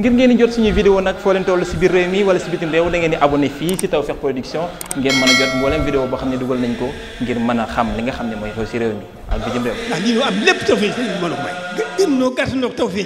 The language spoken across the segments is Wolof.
ngir ngeen di jot suñuy vidéo nag foo leen toll si biir réew mi wala si bitim réew da ngeen di abonné fii si Tawfekh Production ngeen mën a jot mboolem vidéo boo xam ne dugal nañ ko ngir mën a xam li nga xam ne mooy xew si réew mi ak bitim réew. ndax lii ñu am lépp Tawfekh sëriñ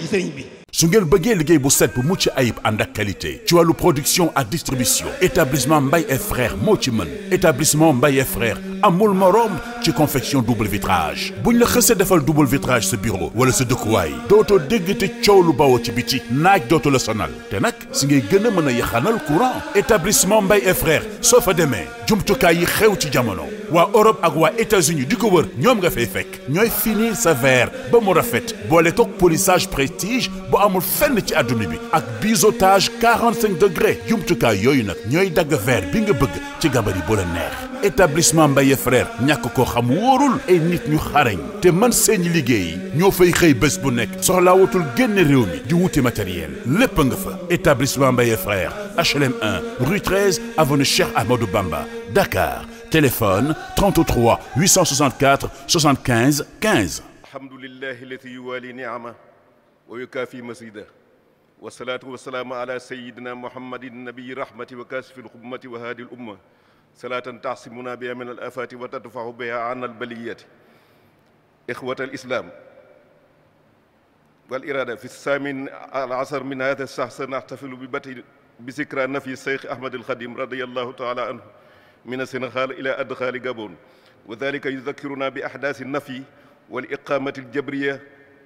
bi sëriñ bi. su ngeen bëggee liggéey bu set bu mucc ayib ànd ak qualité ci wàllu production ak distribution établissement mbay et frères moo ci mën établissement mbay et frères amul morom ci confection double vitrage buñ la xësee defal double vitrage sa bureau wala sa dëkkuwaay dootoo dégg te coow lu bawoo ci biti naaj dootu la sonal te nag si ngay gën a mën a yaxanal courant établissement Mbaye et frères soo fa demee jumtukaay yi xew ci jamono. waa Europe ak waa États-Unis di ko wër ñoom nga fay fekk ñooy finir sa verre ba mu rafet boole kook polissage prestige bu amul fenn ci adduna bi ak biseautage 45 degré jumtukaay yooyu nag ñooy dagg verre bi nga bëgg ci gabari bu la neex. établissement Mbaye frère ñàkk koo xam wóorul ay nit ñu xarañ te man seen liggéey ñoo fay xëy bés bu nekk soxlaa wutul génn réew mi di wuti matériel lépp nga fa établissement Mbaye frère HLM 1 rue 13 avenue Cheikh Amadou Bamba Dakar téléphone 33 864 75 15 alhamdulillahi alladi yuwali niama wa yukaafi masida wasalaatu wasalaamu ala sayidina muhammadin nabiyi rahmati wa kaasifi lxummati wa haadi lumma salaatan taxsimuna biha min al afaati wa tadfahu biha an albaliyati ixwat alislaam والإرادة في الثامن عشر من هذا الشهر سنحتفل ببدء بذكرى نفي الشيخ أحمد الخديم رضي الله تعالى عنه من السنغال إلى أدغال غابون وذلك يذكرنا بأحداث النفي والإقامة الجبرية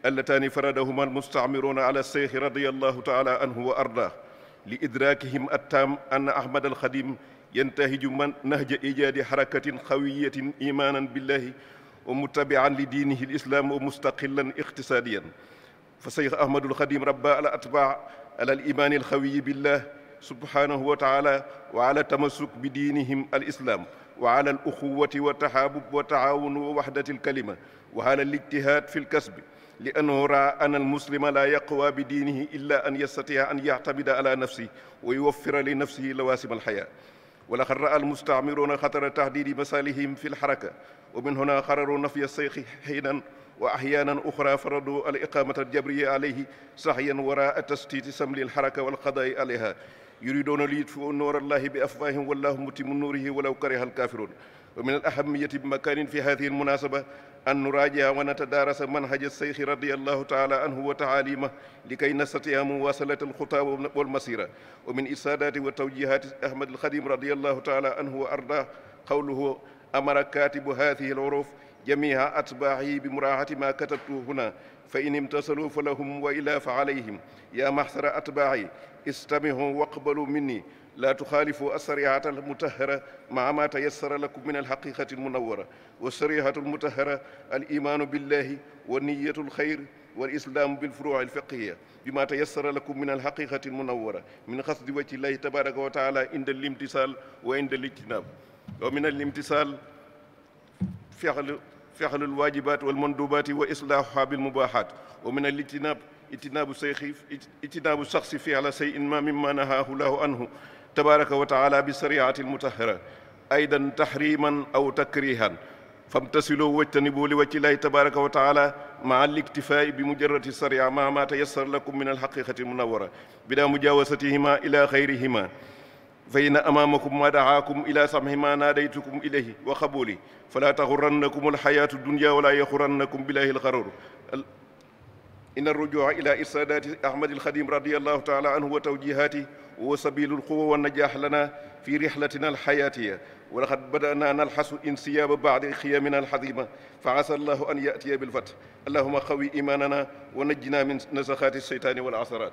اللتان فردهما المستعمرون على الشيخ رضي الله تعالى عنه وأرضاه لإدراكهم التام أن أحمد الخديم ينتهج من نهج إيجاد حركة قوية إيمانا بالله ومتبعا لدينه الإسلام ومستقلا اقتصاديا فشيخ أحمد الخديم ربى الأتباع على الإيمان الخوي بالله subhanahu wa taala wa ala tamassuk bi diinihim al islam wa ala al uxuwati wa tahaabub wa taawun wa waxdati al kalima wa ala al ijtihaad fi lkasbi li annahu raa ana al muslima laa yaqwa bi diinihi illa an yastatiya an yactabida ala nafsihi wa yuwaffira li nafsihi lawaasim alxayaa ولقد رأى المستعمرون خطر تهديد مصالحهم في الحركة ومن هنا قرروا نفي السيخ حينا وأحيانا أخرى فرضوا الإقامة الجبرية عليه سعيا وراء تسديد سمل الحركة والقضاء عليها يريدون ليطفئوا نور الله بأفواههم والله متم نوره ولو كره الكافرون ومن الأهمية بمكان في هذه المناسبة أن نراجع ونتدارس منهج الشيخ رضي الله تعالى عنه وتعاليمه لكي نستطيع مواصلة الخطى والمسيرة ومن إسادات وتوجيهات أحمد الخديم رضي الله تعالى عنه وأرضاه قوله أمر كاتب هذه العروف جميع أتباعه بمراعاة ما كتبته هنا فإن امتثلوا فلهم وإلا فعليهم يا محسر أتباعي استمعوا واقبلوا مني لا تخالفوا السريعة المطهرة مع ما تيسر لكم من الحقيقة المنورة والسريعة المطهرة الإيمان بالله ونية الخير والإسلام بالفروع الفقهية بما تيسر لكم من الحقيقة المنورة من قصد وجه الله تبارك وتعالى عند الامتثال وعند الاجتناب ومن الامتثال فعل فعل الواجبات والمندوبات وإصلاحها بالمباحات ومن الاجتناب itinaabu say xiif itinaabu sax si fi ala say in ma mimma nahaahu laahu anhu tabaraka wa taala bi sariati almutahara aydan tahriman aw takrihan famtasiloo wajtanibuu li wajhi llaahi tabaraka wa taala maa liktifaai bi mujarrati saria maa maa tayassar lakum min alxaqiqati almunawara bila mujaawasatihima ila xayrihima fa in amaamakum maa dahaakum ila samhi maa naadaytukum ilayhi wa xabuli falaa taxurannakum alxayaatu dunia walaa yaxurannakum billaahi alxarur إن الرجوع إلى إرسادات أحمد الخديم رضي الله تعالى عنه وتوجيهاته هو سبيل القوة والنجاح لنا في رحلتنا الحياتية ولقد بدأنا نلحس انسياب بعض خيامنا الحظيمة فعسى الله أن يأتي بالفتح اللهم قوي إيماننا ونجنا من نزخات الشيطان والعثرات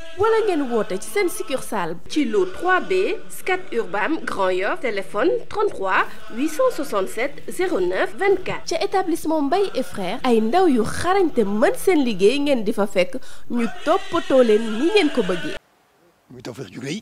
wala ngeen woote ci seen succursale ci lu 3B Scat Urbam Grand Yoff téléphone 33 867 09 24 ca établissement Mbaye et frères ay ndaw yu xarañ te mën seen liggéey ngeen di fa fekk ñu toppatoo leen ni ngeen ko bëggee muy Tawfekh ju rëy